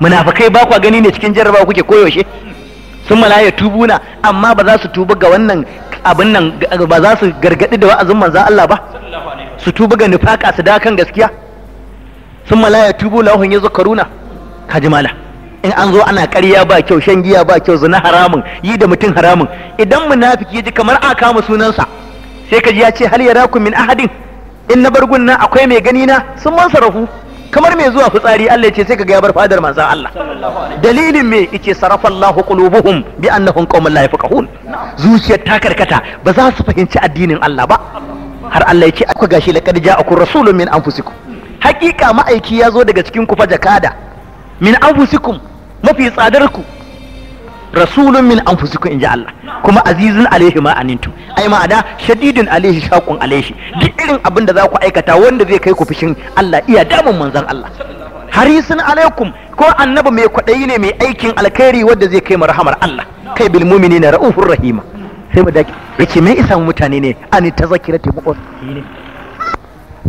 munafukai ba kwa gani ne cikin jarraba kuke koyaushe sun malaya tubuna amma ba za su tuba ga wannan abin nan ba za su gargadi da wa'azin manza Allah ba su tuba ga nufaka su da kan gaskiya sun malaya tubu lahun ya Ka ji mala in an zo ana karya ba kyau shan giya ba kyau zina haramun yi da mutum haramun idan munafiki ji kamar a kama sunansa sai ka ji ya ce hal yarakum min ahadin in na bargun nan akwai mai gani na sun man sarrafu kamar mai zuwa fitsari Allah ya ce sai kaga ya bar fadar manzon Allah dalilin me sarafa Allah qulubuhum bi annahum qaumun la yafqahun zuciyar ta karkata ba za su fahimci addinin Allah ba har Allah ya ce aka gashi laqad ja'akum rasulun min anfusikum hakika ma'aiki ya zo daga cikin ku fa jakada min anfusikum mafi tsadar ku rasulun min an in inji Allah kuma azizun alaihi ma anintu ai ma'ana shadidin alaihi shaqun alaihi duk irin abin da za ku aikata wanda zai kai ku fushin Allah iya damun manzon Allah harisun alaikum ko annabi mai kwaɗayi ne mai aikin alkhairi wanda zai kai mu rahamar Allah kai bil mu'minina raufur rahima sai mu dake yace mai isa mutane ne ani tazakirati mu'min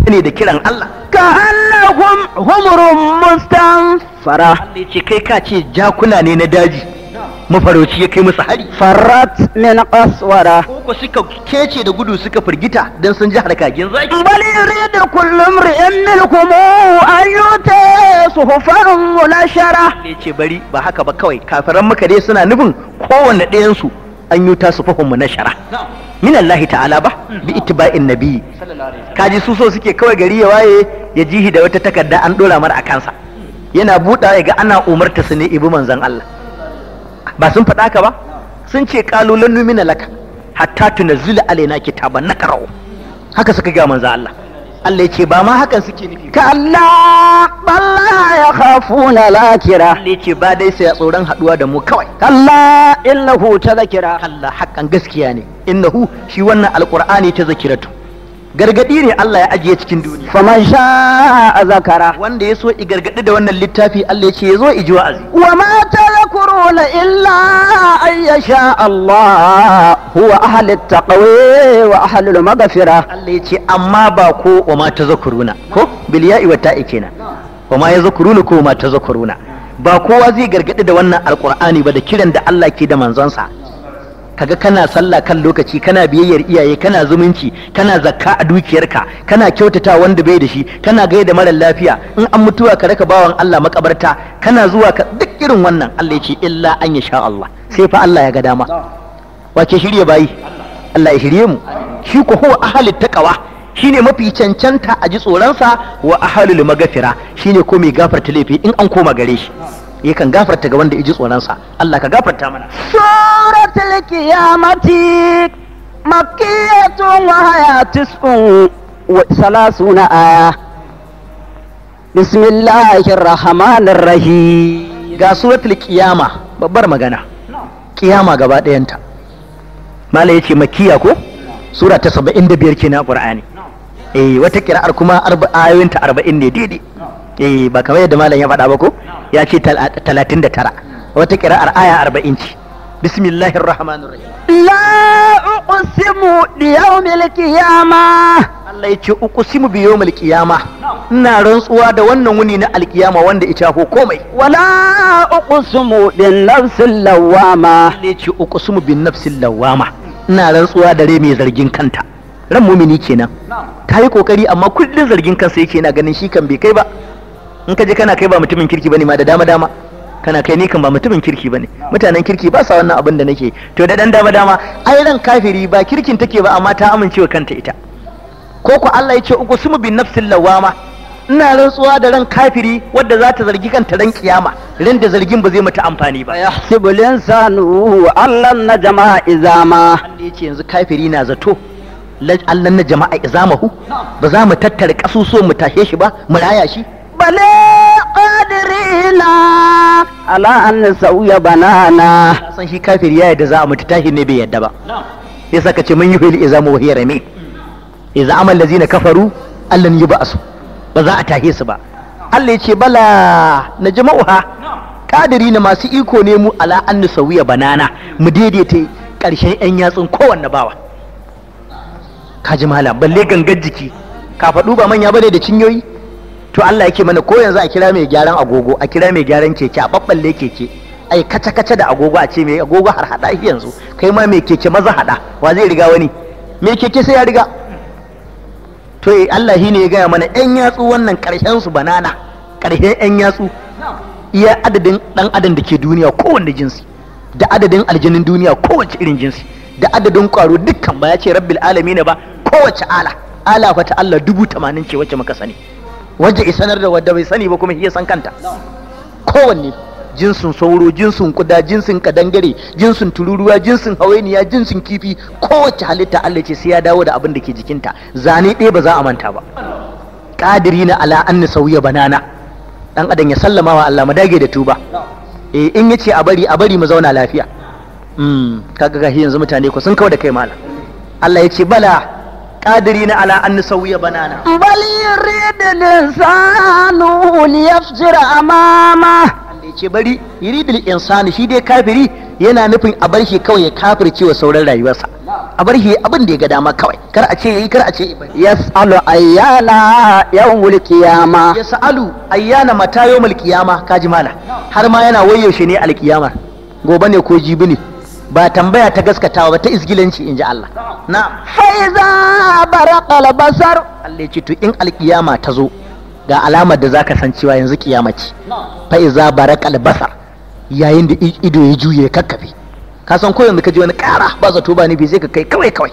ne ne da kiran Allah ka annahum humurun mustanfara ce kai ka ce jakuna ne na daji mafarauci ya kai musu hari farat na qaswara ko suka kece da gudu suka firgita don sun ji harkagen zaki bali yurid kullum ri'in minkum an yuta suhufan shara yace bari ba haka ba kawai kafiran maka dai suna nufin kowanne ɗayan su an yuta suhufan shara min Allah ta'ala ba bi ittiba'in nabi kaji su so suke kawai gari ya waye ya jihi da wata takarda an dora mar a kansa yana buɗa ga ana umarta su ne ibi manzon Allah ba sun faɗa ka ba sun ce ƙalolin numina laka hatta tunazzila alaina kitaban nakarau haka suka ga manzo Allah Allah ya ce ba ma hakan suke nufi ka Allah balla ya khafuna lakira Allah ya ce ba dai sai tsoron haduwa da mu kawai Allah innahu tazakira Allah hakan gaskiya ne innahu shi wannan alqur'ani tazakiratu gargadi ne Allah ya ajiye cikin duniya faman sha'a zakara wanda ya so i gargadi da wannan littafi Allah ya ce ya zo i ji wa'azi wa ma la illa an yasha Allah huwa ahli taqwa wa ahli maghfira Allah ya ce amma ba ko wa ma tadhkuruna ko bil ya'i wa ta'i kenan wa ma yadhkuruna ko wa ma tadhkuruna ba kowa zai gargadi da wannan alqur'ani ba da kiran da Allah ke da manzon sa kaga kana sallah kan lokaci kana biyayyar iyaye kana zumunci kana zakka a dukiyarka kana kyautata wanda bai da shi kana gaida marar lafiya in an mutuwa ka raka bawan Allah makabarta kana zuwa ka duk irin wannan Allah ya ce illa an ya sha Allah sai fa Allah ya ga dama wace shirye bayi Allah ya shirye mu shi ko huwa ahli taqwa shine mafi cancanta a ji tsoronsa wa ahalul magafira shine ko mai gafarta laifi in an koma gare shi yakan gafarta ga wanda iji tsoronsa Allah ka gafarta mana suratul qiyamati makiyatu wa hayatun wa salasuna aya bismillahir rahmanir rahim ga suratul qiyama babbar magana qiyama gaba ɗayanta malai yace makiya ko sura ta 75 kenan qur'ani eh wata kira'ar kuma ayoyinta 40 ne daidai eh ba kamar yadda malam ya faɗa ba ko ya ce 39 wata kira'ar aya 40 ce bismillahir rahmanir rahim La uqsimu bi yawmil qiyama Allah ya ce uqsimu bi yawmil qiyama ina rantsuwa da wannan wuni na alkiyama wanda ita ko komai wala uqsimu bin nafsil lawama Allah ya ce uqsimu bin nafsil lawama ina rantsuwa da rai mai zargin kanta ran mumini kenan ta yi kokari amma kullun zargin kansa yake na, ganin shi kan bai kai ba in ka je kana kai ba mutumin kirki bane ma da dama dama kana kai ni kan ba mutumin kirki bane mutanen kirki ba sa wannan abin da nake to da dan dama dama ai ran kafiri ba kirkin take ba amma ta amincewa kanta ita ko ku Allah ya ce uku sumu bin nafsil lawama ina rantsuwa da ran kafiri wadda za ta zargi kanta ran kiyama ran da zargin ba zai mata amfani ba ya hasibul insanu allan na jama'a izama Allah yace yanzu kafiri na zato allan na jama'a izamahu ba za mu tattara kasusuwan mu tashe shi ba mu raya shi bale la ala an sauya banana san shi kafir ya yadda za a mutu tashi ne bai yadda ba Ya saka ce mun yi fili izamu wa hiya rami amal lazina kafaru allan yub'asu ba za a tahe su ba Allah yace ce bala na jama'uha kadiri na masu iko ne mu ala an sauya banana mu daidaita ƙarshen yan yatsun kowanne bawa ka ji balle gangar jiki ka faɗu ba manya bane da cinyoyi to Allah yake mana ko yanzu a kira mai gyaran agogo a kira mai gyaran keke a babballe keke ai kaca kaca da agogo a ce mai agogo har hada shi yanzu kai ma mai keke maza hada wa zai riga wani mai keke sai ya riga to eh, Allah shi ne ya gaya mana yan yatsu wannan karshen su banana karshen yan yatsu iya adadin dan adam da ke duniya kowanne jinsi da adadin aljanin duniya kowace irin jinsi da adadin kwaro dukkan ba ya ce rabbil alamin ba kowace ala ala fa ta Allah dubu tamanin ce wacce muka sani wajen isanar da wadda bai sani ba kuma iya san kanta kowanne jinsin sauro jinsin kuda jinsin kadangare jinsin tururuwa jinsin hawainiya jinsin kifi kowace halitta Allah ce sai ya dawo da abin da ke jikinta zane ɗaya ba za a manta ba kadiri na ala an sauya banana dan adam ya sallama wa Allah mu dage da tuba eh in yace a bari a bari mu zauna lafiya mm kaga ga yanzu mutane ko sun kawo da kai mala Allah ya ce bala قادرين على أن نسوي بنانا بل يريد الإنسان ليفجر أمامه ce bari yuridul insani shi dai kafiri yana nufin a bar shi kawai ya kafirce cewa sauran rayuwarsa a bar shi abin da ya ga dama kawai kar a ce yi, kar a ce Ya sa'alu ayyana yawmul Ya sa'alu ayyana matayo yawmul qiyama kaji mala har ma yana wayo shi ne alkiyama gobe ne ko jibi ne ba tambaya ta gaskatawa ba ta izgilanci in ji Allah na faiza bara kalabasar Allah ce to in alkiyama ta zo ga alamar da zaka san cewa yanzu kiyama ce faiza bara kalabasar yayin da ido ya juye kakkafe ka san ko yanzu ka ji wani ƙara ba zato ba bai sai ka kai kawai kawai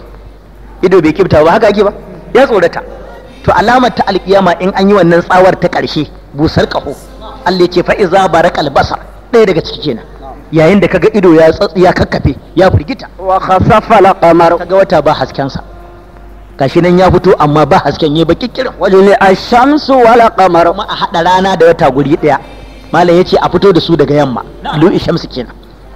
ido bai kibta ba haka ake ba ya tsorata to alamar ta alkiyama in an yi wannan tsawar ta karshe busar ƙaho Allah ya ce iza bara ɗaya daga ciki kenan yayin da kaga ido ya tsatsi ya kakkafe ya firgita wa khasafa la qamar kaga wata ba hasken sa gashi nan ya fito amma ba hasken yayi ba kirin wajli a shamsu wal qamar ma a hada rana da wata guri daya malam yace a fito da su daga yamma lu shamsu kenan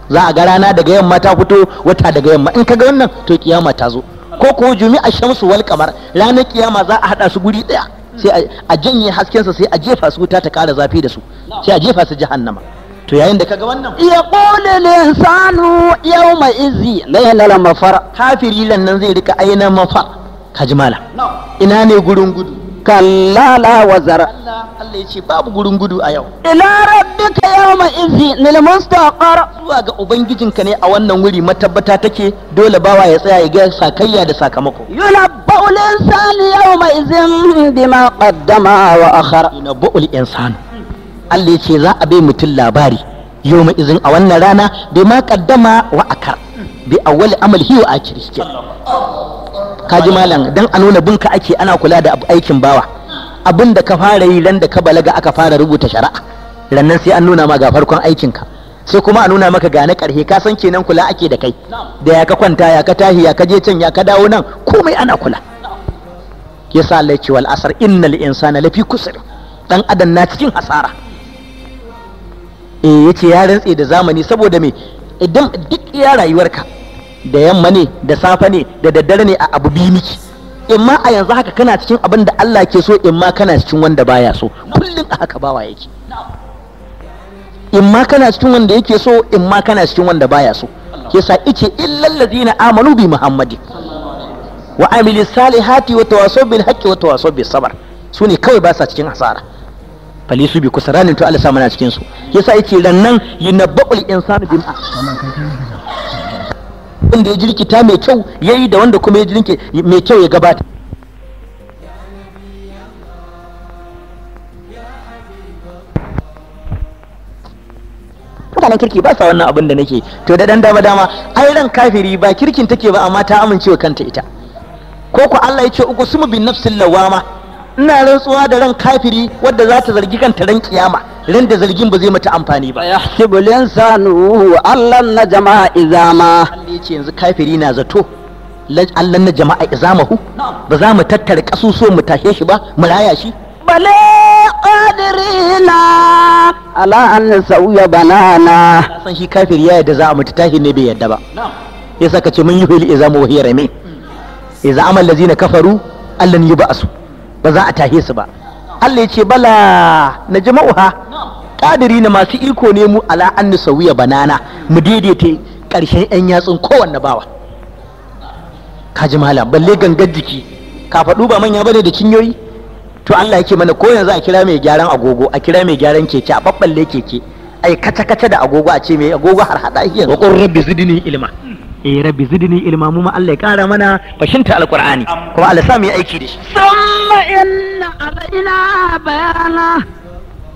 za a ga rana daga yamma ta fito wata daga yamma in kaga wannan to kiyama ta zo ko ko jumi a shamsu wal qamar ranar kiyama za a hada su guri daya sai a janye haskensa sai a jefa su wuta ta kara zafi da su sai a jefa su jahannama to yayin da kaga wannan ya qulu linsanu mai izi na laylal mafara. kafiri nan zai rika aina mafa kaji mala ina ne gurin gudu kallala wa zara Allah ya ce babu gurin gudu a yau ila rabbika ma izi lil mustaqar zuwa ga ubangijinka ne a wannan wuri matabbata take dole bawa ya tsaya ya ga sakayya da sakamako yunabba'ul insani yawma izin bima qaddama wa akhara yunabba'ul insani Allah ya ce za a bai mutum labari yau izin a wannan rana bai ma kaddama wa akar bi awwal amal hi wa Ka ji malam dan a nuna binka ake ana kula da aikin bawa abin da ka fara yi ran da ka balaga aka fara rubuta shari'a rannan sai an nuna ma ga farkon ka sai kuma a nuna maka ga na karhe ka san kenan kula ake da kai da ya ka kwanta ya ka tahi ya ka je can ya ka dawo nan komai ana kula yasa Allah ya ce wal asr innal insana lafi kusr dan adam na cikin hasara eh yace ya rantse da zamani saboda me idan eh, duk iya rayuwarka da yamma ne da safe ne da daddare ne a abu biyu miki in ma a yanzu haka kana cikin abin da Allah ke so in ma kana cikin wanda baya so kullum a haka bawa yake in ma kana cikin wanda yake so in ma kana cikin wanda baya so ke sa ice illal ladina amanu bi muhammadin wa amilis salihati wa tawasaw bil haqqi wa tawasaw bis sabr sune kawai ba sa cikin hasara su bi ranin to Allah sa mana cikin su yasa yake rannan yunabbaqul insanu bima wanda ya jirkita mai kyau yayi da wanda kuma ya jirke mai kyau ya gabata mutanen kirki ba sa wannan abin da nake to da dan dama dama ai ran kafiri ba kirkin take ba amma ta amince wa kanta ita ko ku Allah ya ce uku sumu bin nafsil lawama ina rantsuwa da ran kafiri wadda za ta zargi kanta ran kiyama ran da zargin ba zai mata amfani ba ya bulen sanu allan na jama'a izama Allah yace yanzu kafiri na zato Allah na jama'a izamahu ba za mu tattara kasusuwan mu tashe shi ba mu raya shi bale qadirina ala an sauya banana san shi kafiri ya da za a mutu tashi ne bai yadda ba yasa kace mun yi hul izamu wa hiya rame hmm. iza amal lazina kafaru allan yubasu ba za a tahe su ba Allah ya ce bala na jama'uha kadiri na masu iko ne mu ala an sauya banana mu daidaita karshen yan yatsun kowanne bawa ka ji malam balle gangar jiki ka faɗu ba manya bane da cinyoyi to Allah yake mana ko yanzu a kira mai gyaran agogo a kira mai gyaran keke a babballe keke ai kaca kaca da agogo a ce mai agogo har hada yake wa rabbi zidni ilma eh rabbi zidni ilma mu ma Allah ya kara mana fashinta alqur'ani kuma Allah sa mu yi aiki da shi summa inna alaina bayana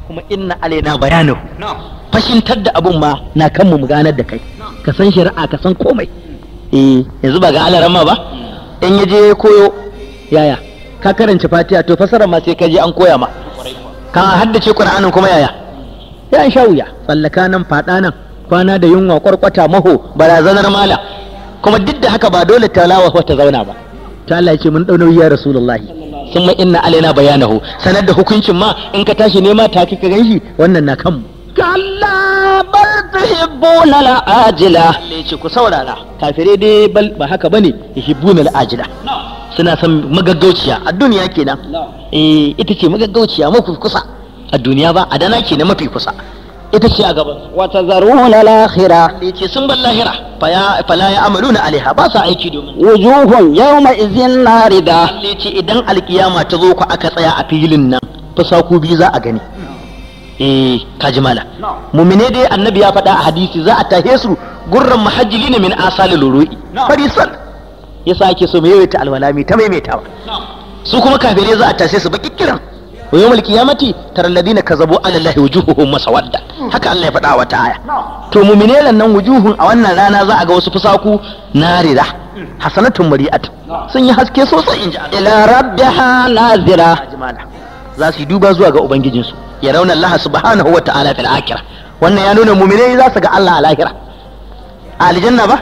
kuma inna alaina bayanu fashintar da abun ma na kanmu mu ganar da kai ka san shari'a ka san komai eh yanzu ba ga alaran ma ba mm. in ya je koyo yaya ka karanci fatiha to fasara ma sai ka je an koya ma ka haddace qur'anin kuma yaya ya an sha wuya tsallaka nan fada nan kwana da yunwa kwarkwata maho barazanar mala kuma duk da haka ba dole talawa ta zauna ba ta Allah ce mun dau ya rasulullahi summa inna alaina bayanahu sanar da hukuncin ma in ka tashi nema ta kika ganshi wannan na kanmu kalla bal tuhibbuna al-ajila ce ku saurara kafire dai bal ba haka bane yuhibbuna al-ajila suna son magaggauciya a duniya kenan eh ita ce magaggauciya mafi kusa a duniya ba a dana kenan mafi kusa ita ce a gaban wata zaruna lahira ce sun bar lahira fala ya amalu na alaiha ba sa aiki domin wujuhun yawma izin narida ce idan alkiyama ta zo ku aka tsaya a filin nan fasaku biyu za a gani eh kaji mala mumine dai annabi ya faɗa a hadisi za a tahe su gurran mahajjili ne min asali lurui farisan yasa ake so mai yawaita alwala mai ta maimaitawa su kuma kafirai za a tashe su ba kikkiran wa yawmal qiyamati taral ladina kazabu ala allahi masa wadda. haka Allah ya faɗa wata aya to mu'mine nan wujuhun a wannan rana za a ga wasu fusaku rira hasanatun mari'at sun yi haske sosai inji ila rabbiha nazira za su yi duba zuwa ga ubangijinsu ya rauna Allah subhanahu wa ta'ala fil akhirah wannan ya nuna mu'mine za su ga Allah a lahira a aljanna ba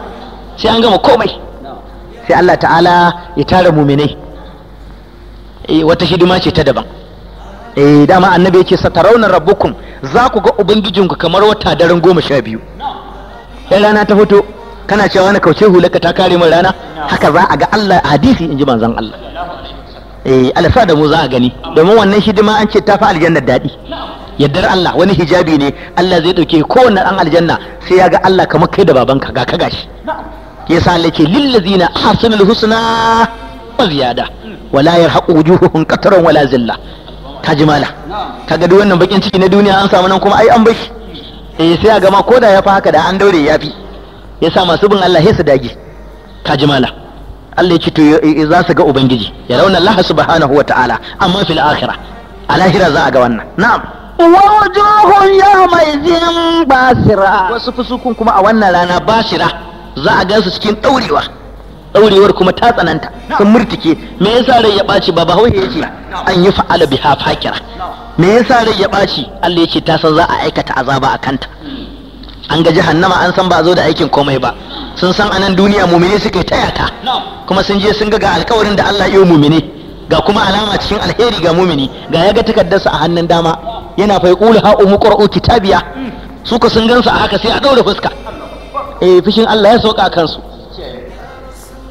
sai an gama komai sai Allah ta'ala ya tara mu'minai eh, wata hidima ce ta daban eh dama annabi yake satarawna rabbukum za ku ga ubangijinku kamar wata daren goma sha biyu in rana ta fito kana cewa na kauce hulaka ta kare min rana haka za a ga Allah hadisi in ji manzon Allah eh alfa da mu za a gani domin wannan hidima an ce ta fi aljanna daɗi yaddar Allah wani hijabi ne Allah zai dauke kowanne dan aljanna sai ya ga Allah kamar kai da babanka ga ka gashi yasa Allah yake lillazina ahsanul husna wa ziyada wala yarhaqu wujuhuhum qatran wala zilla ka ji mala kaga duk wannan bakin ciki na duniya an samu nan kuma ai an bashi eh sai a gama koda ya fi haka da an daure ya fi ya sa masu bin Allah su dage ka ji mala Allah ya ce to za su ga ubangiji ya rauna Allah subhanahu wa ta'ala amma fil akhirah a lahira za a ga wannan na'am wajuhun yawmaizin basira wasu fusukun kuma a wannan rana basira za a gansu cikin daurewa daurewar kuma ta tsananta sun murtike me yasa rai ya ɓaci ba bahaushe ce? an yi fa'ala biha fakira me yasa rai ya ɓaci Allah yake ta san za a aikata azaba a kanta an ga jahannama an san ba zo da aikin komai ba sun san anan duniya mumine suke taya ta kuma sun je sun ga ga alkawarin da Allah ya yi mumine ga kuma alama cikin alheri ga mumini ga ya ga takaddarsa a hannun dama yana fa yaqulu ha umqra'u kitabiya mm. suka sun gansa a haka sai a daure fuska eh fushin Allah ya sauka kansu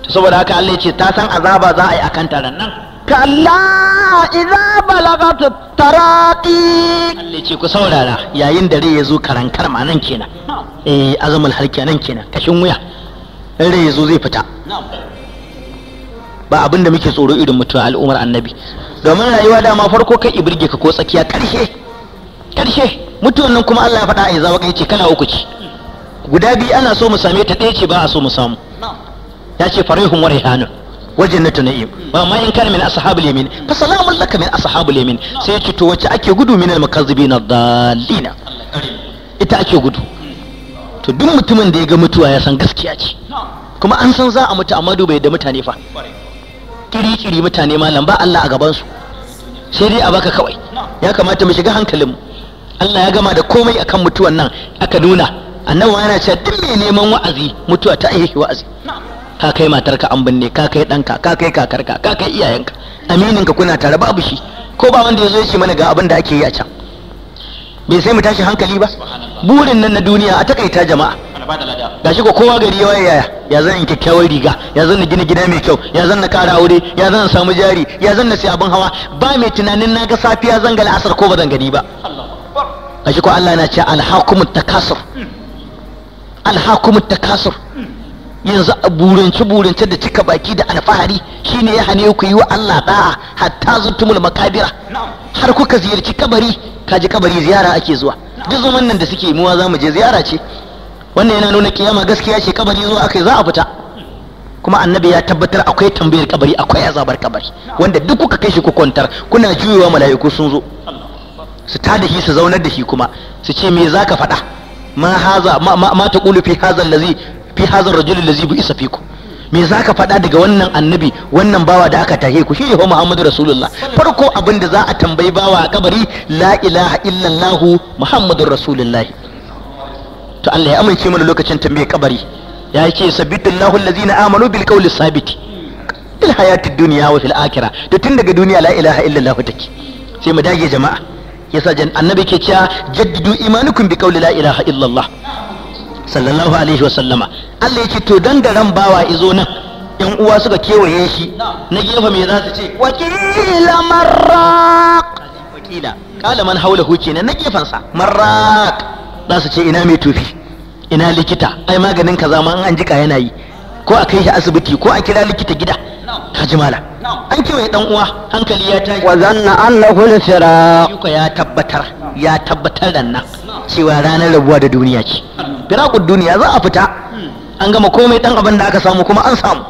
saboda haka Allah ya ce ta san azaba za a yi akan taron nan kalla idza balagat taraqi Allah ce ku saurara yayin da rai ya zo karan karma nan kenan eh azamul halki nan kenan kashin wuya rai ya zo zai fita ba abin da muke tsoro irin mutuwa al'umar annabi domin rayuwa dama farko kai ibirge ka ko tsakiya karshe karshe mutuwan nan kuma Allah ya faɗa a yanzu ya ce kana uku ce guda biyu ana so mu same ta ɗaya ce ba a so mu samu ya ce farihun wa rihanun na jannatu na'im wa ma in kana min ashabu yamin fa salamun laka min ashabu yamin sai ya ce to wacce ake gudu min al-mukazzibin ad ita ake gudu to duk mutumin da ya ga mutuwa ya san gaskiya ce kuma an san za a mutu amma bai da mutane fa kiri-kiri mutane malam ba Allah a gabansu sai dai a baka kawai ya kamata mu shiga hankalin Allah ya gama da komai akan mutuwan nan aka nuna nawa yana cewa duk mai neman wa'azi mutuwa ta aiki wa'azi ka kai matarka an binne ka kai ɗanka ka kai kakarka ka kai iyayenka amininka kuna tare babu shi ko ba wanda ya zo ya ce mana ga abin da ake yi a can bai sai mu tashi hankali ba burin nan na duniya a takaita jama'a ga shi ko kowa gari ya yaya ya zan in kyakkyawar riga ya zan na gina gida mai kyau ya zan na kara aure ya zan na samu jari ya zan na sai abin hawa ba mai tunanin na ga safiya zan ga la'asar ko ba zan gani ba ga shi ko Allah na ce alhakumut takasur alhakumut takasur yanzu a burance burance da cika baki da alfahari shine ya hane ku yi wa Allah da'a hatta zuntumul makabira har kuka ziyarci kabari kaji kabari ziyara ake zuwa duk zaman nan da suke muwa za mu je ziyara ce wannan yana nuna kiyama gaskiya ce kabari zuwa akai za a fita kuma annabi ya tabbatar akwai tambayar kabari akwai azabar kabari wanda duk kuka kai shi ku kwantar kuna juyewa mala'iku sun zo su ta da shi su zaunar da shi kuma su ce me zaka faɗa ma haza ma, ta ma fi fi hadha ar-rajul allazi isa fikum me zaka faɗa daga wannan annabi wannan bawa da aka tahe ku shi ne Muhammadu Rasulullah farko abin da za a tambayi bawa a kabari la ilaha illallah muhammadu Rasulullah to Allah ya amince mana lokacin tambaye kabari ya ce sabbitullahu allazina amanu bil qawli sabit fil hayati dunya wa fil akhirah to tun daga duniya la ilaha illallah take sai mu dage jama'a yasa annabi ke cewa jaddidu imanukum bi qawli la ilaha illallah sallallahu alaihi sallama. Allah yake to dan da ran bawa izo nan yan uwa suka kewaye shi na gefe me za su ce wakila marraq wakila kala man haulahu kenan na gefen sa marraq za su ce ina mai tufi ina likita ai maganin kaza ma an jika yana yi ko a kai shi asibiti ko a kira likita gida ka mala an kewaye dan uwa hankali ya tashi wa zanna annahu al-firaq ya tabbatar ya tabbatar da nan cewa ranar rabuwa da duniya ce firakun duniya za a fita an gama komai dan abin da aka samu kuma an samu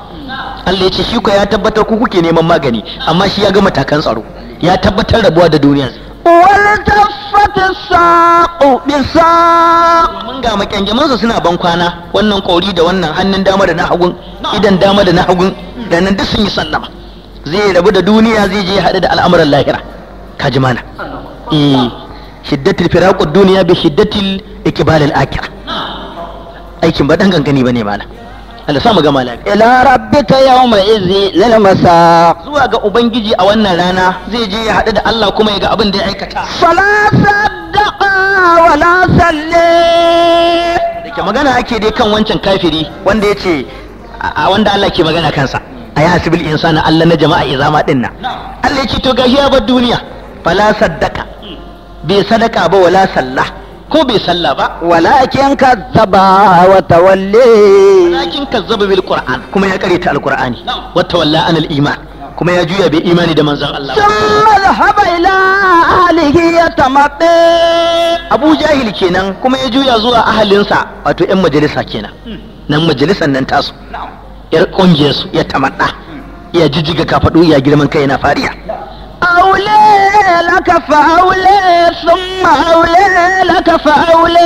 Allah ya ce shi ku ya tabbatar ku kuke neman magani amma shi ya gama takan tsaro ya tabbatar rabuwa da duniya والتفت الساق بالساق mun ga makyanjaman su suna ban kwana wannan kori da wannan hannun dama da na hagun idan dama da na hagun da nan duk sun yi sallama zai rabu da duniya zai je haɗu da al'amuran lahira kajimana mana eh shiddatul firaqud duniya bi shiddatil ikbalil akhirah aikin ba dan gangani bane malam Allah sa mu gama lafiya ila rabbika yawma izi lil masaq zuwa ga ubangiji a wannan rana zai je ya hadu da Allah kuma ya ga abin da ya aikata fala wa wala salli dake magana ake dai kan wancan kafiri wanda yace a wanda Allah ke magana kansa a ya insana Allah na jama'a izama dinna. Allah yake to gashi ya bar duniya fala saddaka bai sadaka ba wala sallah ko bai sallah ba walakin kazzaba wa tawalli walakin kazzaba bil qur'an kuma ya karanta alqur'ani wa tawalla an al iman kuma ya juya bai imani da manzon Allah thumma dhahaba ila ahlihi yatamatta Abu Jahil kenan kuma ya juya zuwa ahalinsa wato yan majalisa kenan hmm. nan majalisan nan tasu yar kungiyar su ya tamatta hmm. ya jijiga kafadu ya girman kai yana fariya aule لك فأولي ثم أولي لك فأولي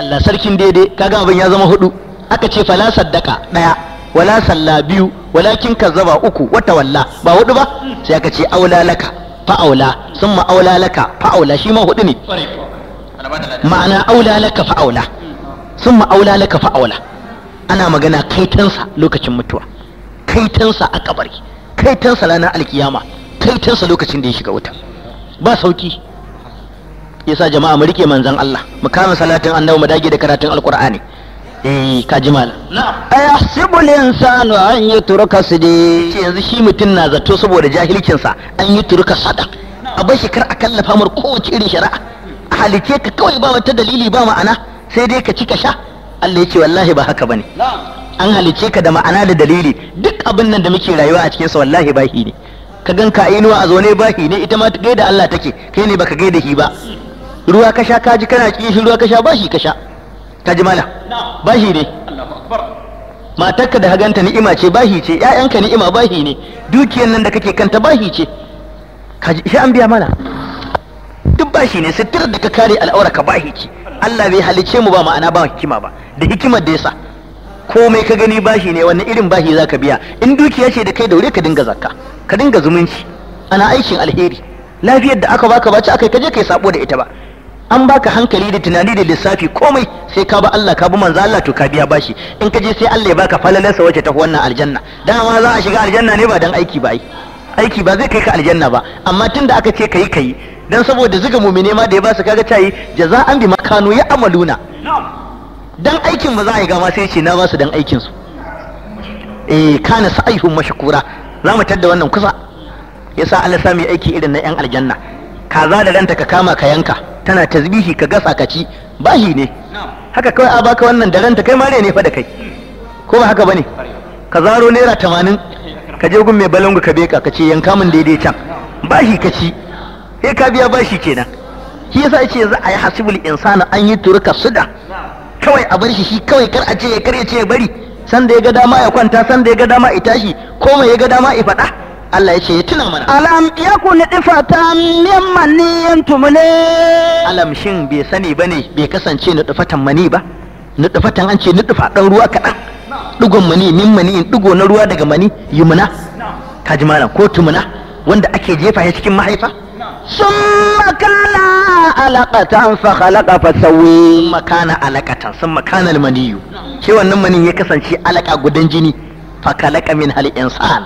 الله سركين دي دي كاغا بن يزم هدو أكتشي فلا صدقا نيا ولا صلى بيو ولكن كذب أكو وتولى با هدو با سيكتشي أولى لك فأولى ثم أولى لك فأولى شيما هدو ني معنى أولى لك فأولى ثم أولى لك فأولى أنا مغنى كيتنسا لوكتشم متوى كيتنسا أكبري كيتنسا لنا الكيامة taitansa lokacin da ya shiga wuta ba sauki yasa jama'a mu rike manzon Allah mu kama salatin annabi mu dage da karatun alqur'ani eh ka ji malam na ay ahsibul insanu an yutruka sidi yanzu shi mutun na zato saboda jahilcin sa an yutruka sada a bar kar a kallafa mar kowace irin shari'a halike ka kawai ba wata dalili ba ma'ana sai dai ka ci ka sha Allah ya wallahi ba haka bane an halice ka da ma'ana da dalili duk abin nan da muke rayuwa a cikin sa wallahi shi ne ka gan ka inuwa a zaune shi ne ita ma da Allah take kai ne baka gaida shi ba ruwa ka sha ka ji kana cikin shi ruwa ka sha bashi ka sha ka ji mala bashi ne matarka da haganta ni'ima ce bashi ce ƴaƴanka ni'ima bashi ne dukiyar nan da kake kanta bashi ce ka ji shi an biya mana duk bashi ne sittar da ka kare al'aura ka bashi ce Allah bai halice mu ba ma'ana ba hikima ba da hikimar da yasa sa komai ka gani bashi ne wani irin bashi za ka biya in dukiya ce da kai daure ka dinga zakka ka dinga zumunci ana aikin alheri lafiyar da aka baka baci aka kaje kai sabo da ita ba an baka hankali da tunani da lissafi komai sai ka ba Allah ka bi manzo Allah to ka biya bashi in ka je sai Allah ya baka sa wacce ta wannan aljanna dama za a shiga aljanna ne ba dan aiki ba ai aiki ba zai kai ka aljanna ba amma tunda aka ce kai kai dan saboda zuga mumine ma da ya ba su kaga tayi jaza'an bima kanu ya amaluna dan aikin ba za a yi gama sai ce na ba su dan aikin su eh kana sa'ihum mashkura za mu tadda wannan kusa yasa Allah sami aiki irin na yan aljanna kaza da ranta ka kama ka yanka tana tasbihi ka gasa ka ci bahi ne haka kawai a baka wannan da ranta kai mare ne fa da kai ko ba haka bane ka zaro naira tamanin ka je gun mai balangu ka beka ka ce yanka min daidai can bashi ka ci sai ka biya bashi kenan shi yasa yace yanzu ayi hasibul insana an yi turka suda kawai a bar shi shi kawai kar a ce ya kar ya ce ya bari sanda ya ga dama ya kwanta sanda ya ga dama ya tashi ko mai ya ga dama ya faɗa Allah ya ce ya tuna mana alam ya ni difata min maniyin tumule alam shin bai sani bane bai kasance difatan mani ba difatan an ce difa dan ruwa kaɗan digon mani min mani in digo na ruwa daga mani yumna kaji mana ko tumna wanda ake jefa shi cikin mahaifa ثم كان علقة فخلق فسوي ثم كان علقة ثم كان المني شي wannan manin ya kasance alaka gudan jini fakalaka min hal insan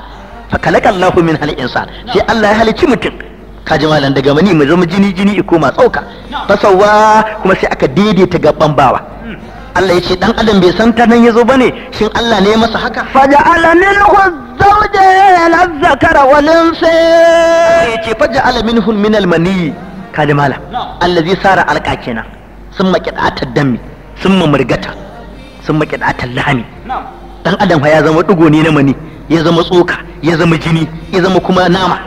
fakalaka Allahu min hal insan Allah ya halici mutum kaji malan daga mani mu zama jini jini iko ma tsauka fasawa kuma sai aka daidaita gaban bawa Allah ya ce dan adam bai san ta nan yazo bane shin Allah ne ya masa haka faja'ala lil waje zakara walin sai ce faja alamin hun min almani kaji mala allazi sara alka kenan sun maƙiɗatar dami sun mamurgata sun maƙiɗatar lahami dan adam ya zama dugo ne na mani ya zama tsoka ya zama jini ya zama kuma nama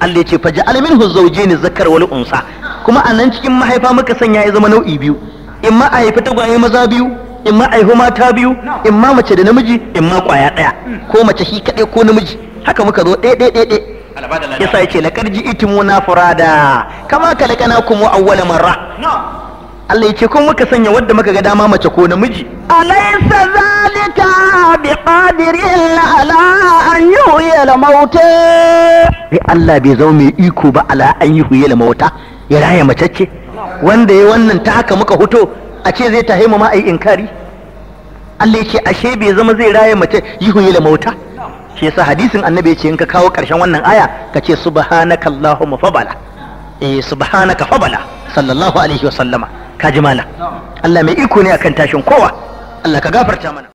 Allah ya ce faja alamin hun zauje ni zakar wal unsa kuma a nan cikin mahaifa muka sanya ya zama nau'i biyu in ma a haifi tagwaye maza biyu in ma aihu mata biyu in ma mace da namiji in ma kwaya ɗaya ko mace shi kaɗai ko namiji haka muka zo ɗaya ɗaya ɗaya yasa yace laqad itimu na furada kama ka kalakanakum awwala marra Allah yake kun muka sanya wadda muka ga dama mace ko namiji alaysa zalika biqadirin ala an yuhyil mauta sai Allah bai zama mai iko ba ala an yuhyil mauta ya raya mace ce wanda ya wannan ta haka muka huto a ce zai tahimu ma ai inkari Allah ya ce ashe bai zama zai raye mace yi la mauta shi yasa hadisin annabi ya ce in ka kawo karshen wannan aya ka ce subhanaka allahumma fabala eh subhanaka fabala sallallahu alaihi wa sallama ka ji mana Allah mai iko ne akan tashin kowa Allah ka gafarta mana